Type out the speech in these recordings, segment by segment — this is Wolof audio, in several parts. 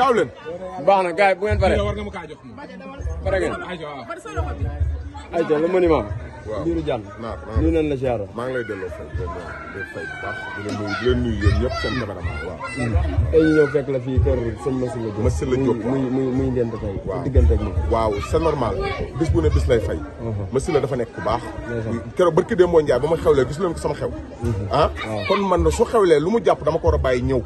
gaaw leen. baax na gars yi bu ngeen paree. pare ngeen. ayca lu mu ni maam waaw liiru jàll nuyu nañ la ziara maa ngi lay delloo fay delloo fay bu baax di leen nuyu di leen mm. fekk la fii kër sëñ Massila Diop Massila Diop muy muy waaw diggante ak moom waaw c'est normal bis bu ne lay fay uh-huh. dafa nekk ku baax keroog barki démb Ndiaye ba ma xewlee gis leen sama xew uh-huh. ah kon man su xewlee lu mu jàpp dama ko war a bàyyi ñëw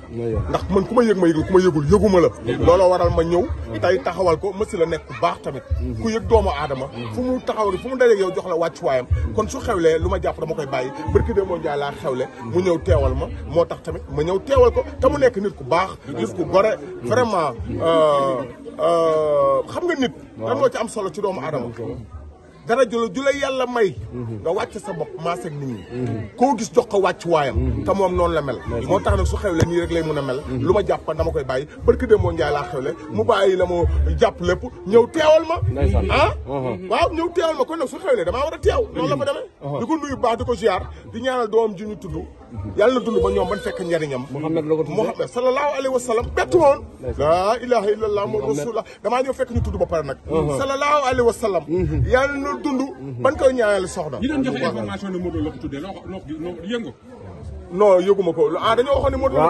ndax man ku ma yëg ma yëgul ku ma yëgul yëguma la looloo waral ma ñëw uh-huh. tey taxawal ko Massila nekk baax tamit ku yëg doomu aadama fu mu taxaw fu mu dajeeg yow jox la wàcc wàccuwaayam kon su xewlee lu ma jàpp dama koy bàyyi barki de moo jaay laa xewle mu ñëw teewal ma moo tax tamit ma ñëw teewal ko tamu mu nekk nit ku baax nit ku gore vraiment euh, euh, xam nga nit lan moo ci solo ci doomu aadama dara jula ju la yàlla may mhm. nga wàcc sa bopp maaseg nit ñi mhm. koo gis jox ko wàcc waayam mhm. te moom noonu la mel moo tax nag su xewle nii rek lay mun a mel lu ma jàpp dama koy bàyyi barki de moo njaay laa xewle mu bàyyi la moo jàpp lépp ñëw teewal ma ah uh-huh. waaw ñëw teewal ma kon nag su xewle dama war a teew noonu la ma demee uh-huh. di ko nuyu baax di ko ziar di ñaanal doom ji ñu tudd yàlla na dund ba ñoom ban fekk njariñam Muhammad sallallahu alayhi wa sallam bett moon laa ilaha illallah moom rasulullah damaa ñëw fekk ñu tudd ba pare nag uh-huh. sallallahu alayhi wa sallam mm-hmm. yàlla na dund ban koy ñaanal soxna ñi doon jox information ne Modou Lo la ko tuddee noo yëngu non yëguma ko ah dañoo waxoon ne Modou Lo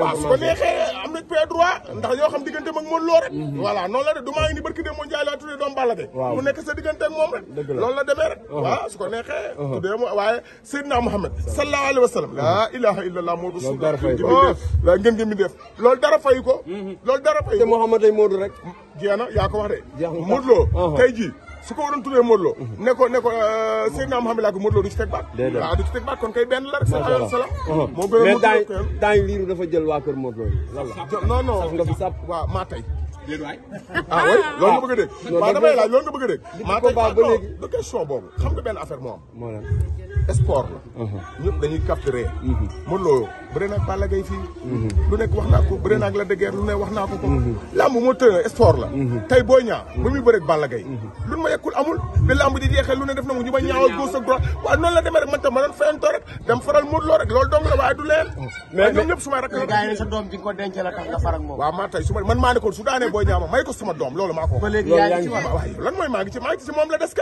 waaw su ko ah, neexee am nañ pay droit ndax yoo xam diggante mag moom loo rek voilà noonu la de du maa ngi ni moo njaay laa doom balla de mu nekk sa diggante moom rek loolu la demee rek uh-huh. waaw su ko neexee uh-huh. tuddee mo waaye Seydina Muhammad uh-huh. la ngeen ngeen mi def loolu dara fay ko mm-hmm. loolu dara fay ko te ay Moodu rek jeex na yaa ko wax de Modou Lo tey jii su ko waroon tuddee Modou Lo mhm. ne ko ne ko euh, Seydina Mouhamed laa ko Modou kon kay benn la rek sala sala uh-huh. moo gën mais daañ daañ liiru dafa jël waa kër Modou Lo yi non non saf nga fi sàpp waaw maa tey déedéet waay ah oui a dégg a dégg maa benn affaire moo am sport la mhm. ñëpp dañuy capturer Modou mhm. Lo bëre naag Balla Gaye mhm. lu nekk wax naa la dëggeer lu ne wax ko lamb moo tëra sport la tey ma yekkul amul bi lamb lu ne ma ñaawal gauche ak rek man faral Modou Lo rek la waaye du leen mais ñëpp su ma doom di nga la tax nga far moom waaw maa tey su man maa su daanee booy ñaa ma may sama doom loolu maa ko wax lan mooy maa ngi ci maa ngi ci moom la des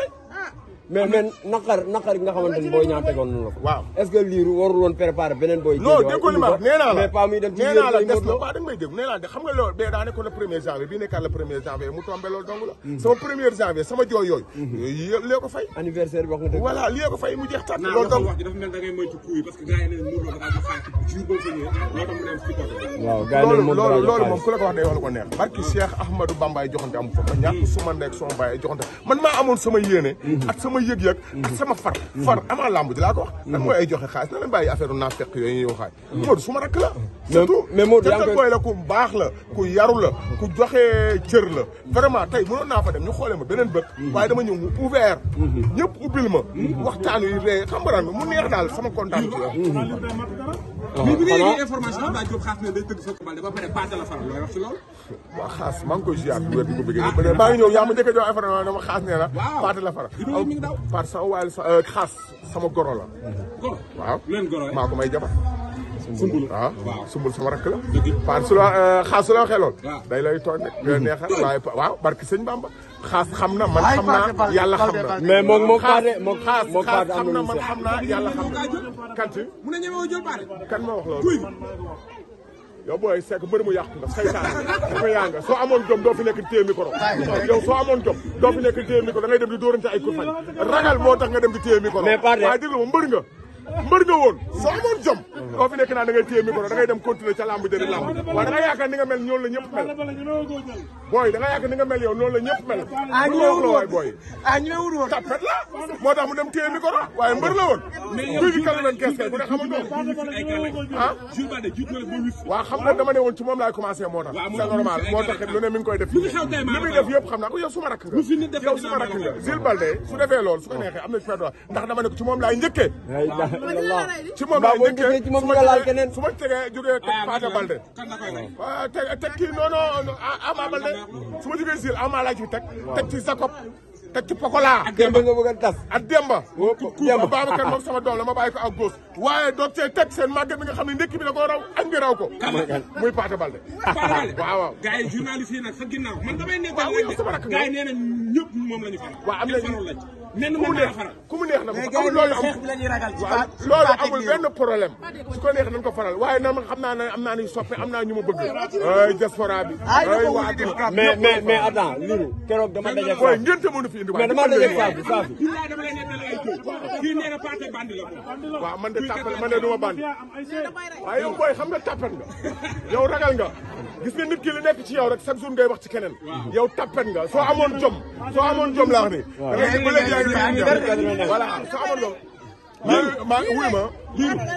mais mais naqar naqar yi nga xamante ni booy ñaa tegoon na la ko. waaw est ce que liiru warul woon préparer beneen ma nee naa la mais pas muy dem ci nee naa la des mu Lo mhm. mhm. dafa xaati jur boo fa ñëwee ah, waaw gars yi ne Modou Lo ma ñàkk mhm. suma ndek suma baay sama yëg-yëg mm-hmm. ak sama far far mm-hmm. avant lamb di laa ko wax. Mm-hmm. lan mooy ay joxe xaalis na leen bàyyi affaire u naafeq yooyu yow xaay. Modou su ma surtout Tata Boy la ku baax la ku yaru la ku joxe cër la vraiment tey mënoon naa fa dem ñu xoolee ma beneen bët mhm. waaye dama ñëw mu ouvert mhm. ñëpp ubbil ma mhm. waxtaan wi ree xambaraan ma mu neex daal sama kontaan mais bi ngay yëg information Abdoulaye Diop xaas ne day tëgg Focke Balde ba pare paase la faral looy wax ci loolu bu wér ko bëggee maa ngi ñëw yaa ma njëkk a jox information dama xaas nee na paate la faral par euh, sama waayal goro la waaw maa ko may jabar sumbul ah, waaw sumbul sama rakk la par su la euh, xaas su la waxee lool day lay tooñ rek neexal waaye waaw barke sëñ Bamba xaas xam na man xam naa yàlla xam na mais moo xaade moo xaas xaas xam na man xam naa kanti mu moo wax loolu yow booy Seck mbër mu yàqu nga saytaan dafa yaa nga soo amoon jom doo fi nekk téye micro yow soo amoon jom doo fi nekk téye micro da ngay dem di dóorante ay kur fañ ragal moo tax nga dem di téye micro waaye déglu ma mbër nga mbër nga woon soo amoon jom koo fi nekk naa da ngay téye micro da ngay dem continuer ca làmb jëri làmb waaye da nga yaakaar ni nga mel ñoonu la ñëpp mel booy da nga yaakaar ni nga mel yow noonu la ñëpp mel ah ñu wut woon booy ah ñu wut woon tapet la moo tax mu dem téye micro waaye mbër la woon kuy bi kala leen kees bu ne xamoon doon ah waaw xam nga dama ne woon ci moom laay commencé moo tax c'est normal moo tax lu ne mi ngi koy def li muy def yëpp xam naa ko yow suma rakk nga yow suma rakk nga Zil Balde su defee loolu su ko neexee am na fi ndax dama ne ko ci moom laay njëkkee illallah ci moom laa njëkkee ci moom nga laal keneen su ma tegee jógee teg ah, Paata Balde ah, teg kii non non ah, Ama Balde su ma jógee Sil Ama laa ci teg teg ci Jacob teg ci Pokola ak Demba nga bëgg a tas ak Demba oh, oh, Demba Babacar sama doom la ma bàyyi ko ak waaye doot cee teg seen màgget nga xam ndekki bi da koo raw ak nga raw ko muy Paata Balde waaw waaw gars yi journaliste yi nag sa ginnaaw man lenn mën naa faral ku mu neex na ko amul ko neex waaye na ma xam naa ne am naa ni soppe am naa ñu ma bëgg ay diaspora bi ay waa diaspora mais mais mais attends Lirou na paate bandi la man de tàppal nga tàppal ragal nga gis nga nit ki li nekk ci yow rek chaque jour ngay wax ci keneen yow tàppal nga soo amoon jom soo amoon jom laa wax ni voilà maa ngi wuy ma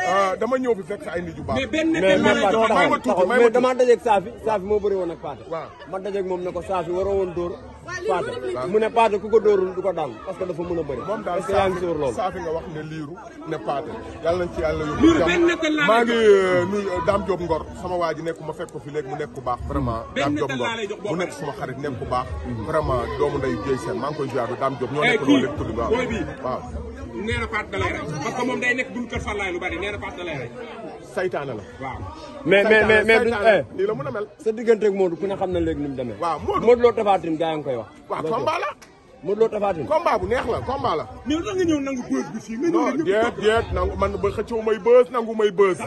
ah, dama ñëw fi fekk ay nit yu benn benn ma tuuti mais dama dajeeg Safi moo bëri woon ak Paate. waaw ma dajeeg moom ne ko Safi waroo woon dóor Pathé mu ne Pathé ku ko dóorul du ko daan parce que dafa mën a bëri. moom daal yaa nga wax ne liiru ne Pathé yàlla nañ ci yàlla yóbbu. maa ngi euh, nuyu euh, Dame Diop Ngor sama waa ji nekk ma fekk ko fi léegi mu nekk ku baax vraiment. Dame Diop Ngor mu nekk suma xarit nekk ku baax. vraiment doomu nday Dieye Sène maa ngi koy ziar Dame Diop ñoo eh, nekk loolu lépp tudd lu bari nee na Pathé da saytaane la. waaw mais mais mais nii la eh. mën a mel. sa digganteeg Modou ku ne xam na léegi ni mu demee. waaw Modou Modou Lo Tapha Tine gaa yi nga koy wax. waaw combat la. Modou Lo Tapha Tine. combat bu neex la combat la. mais lan man ba xëccoo may bës nangu may bës.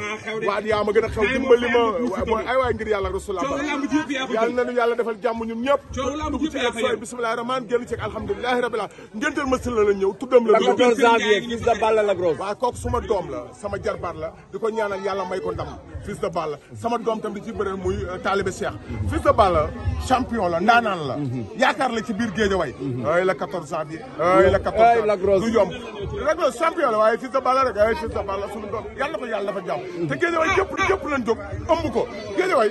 waa yaa ma gën a xew dimbali ma waaye ay waay ngir yàlla rasulullah. yàlla na nu yàlla defal jàmm ñun ñëpp. coow laamu jëf yaa fay bismillahi rahmaan génn ci alhamdulillahi rabbil alamin ngënteel ma ñëw tuddam la. doom la sama jarbaat la di ko ñaanal yàlla may ko ndam fils de Balla sama doom tam di ci bëre muy euh, taalibe Cheikh fils de Balla champion la ndaanaan la mhm. yaakaar la ci biir géej way mhm. le 14 janvier. waaye le 14 janvier du yomb. Lac Rose champion la waaye Fils de Balla rek waaye Fils de Balla suñu doom yàlla ko yàlla dafa jàmm. te géej waay yëpp yëpp lañ jóg ëmb ko géej waay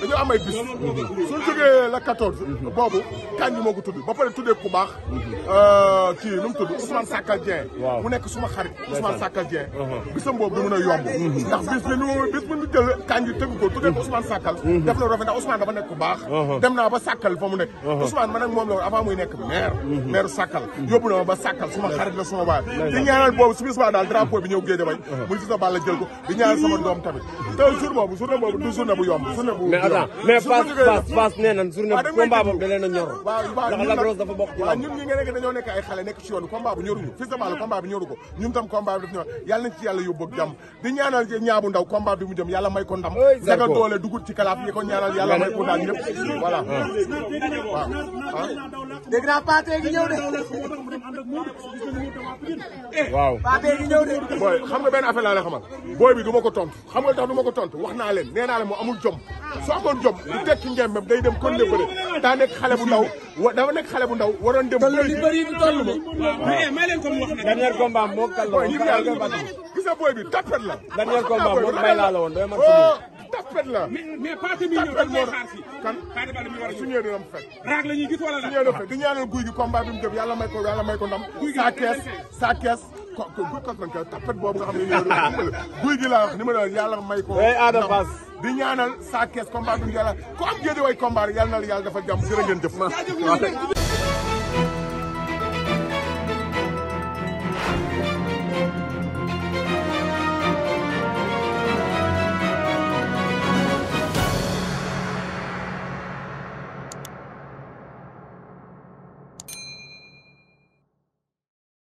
dañoo am ay bis. suñ jógee la 14. boobu Kandji moo ko tudd ba pare tuddee ku baax. Euh, kii nu mu tudd Sakal Dieng. waaw nekk suma xarit Ousmane Sakal Dieng. Uh-huh. bisam mhm. bis bi bu ñu jël Kandji tëgg ko tuddee ko mhm. Ousmane Sakal. Mhm. def na rafet ndax Ousmane dafa nekk ku baax. Uh-huh. dem naa ba Sakal fa mu nekk. Uh-huh. Ousmane man ak moom la woon avant muy nekk maire. maire Sakal yóbbu na ma ba Sakal suma xarit la suma waay. di ñaanal boobu su bis baa daal drapeau bi ñëw Guédiawaye muy fi sa bàll jël ko di ñaanal sama mm-hmm. doom tamit te jour boobu journée boobu du journée bu attends mais Fass nee na journée combat boobu da leen a ñor ndax Lac Rose dafa bokk ci waaw ñun ñi nga xale nekk ci yoon combat bu ñoruñu fils de Balla hmm. combat bi ko ñun tam combat bi daf ñor yàlla nañ ci yàlla yóbbu ak jàmm di ñaanal ñaabu ndaw combat mu jëm yàlla may ko ndam daga doole ci kalaaf yi ko ñaanal yàlla may ko ndam ñëpp hmm. voilà hmm. waaw xam nga benn affaire laa la xamal booy bi ko tontu xam nga tax du ma ko tontu wax naa leen nee naa leen moo amul jom amoon jom du tekki ngembam day dem kon bëre daa nekk xale bu ndaw wa dafa nekk xale bu ndaw waroon dem. toll li bëri du toll ma waaw eh, may leen ko mu wax nag. dernier combat moo kàll la gis nga booy bi tapet la. dernier combat moo may laa la woon doy man tapet la. mais mais paase mi ñëw dañ koy xaar fii. kan su ñëwee dina am fekk. raag la ñuy gis wala la. su ñëwee dina fekk di ñaanal guy gi combat bi mu jëm yàlla may ko yàlla may ko ndam. sa kees sa kees ko tapet boobu nga xam ne ni ma la yàlla may ko. di ñaanal saa kees combat bi yàlla ku am géej way combat yàlla na la yàlla dafa jàmm jërë ngeen jëf.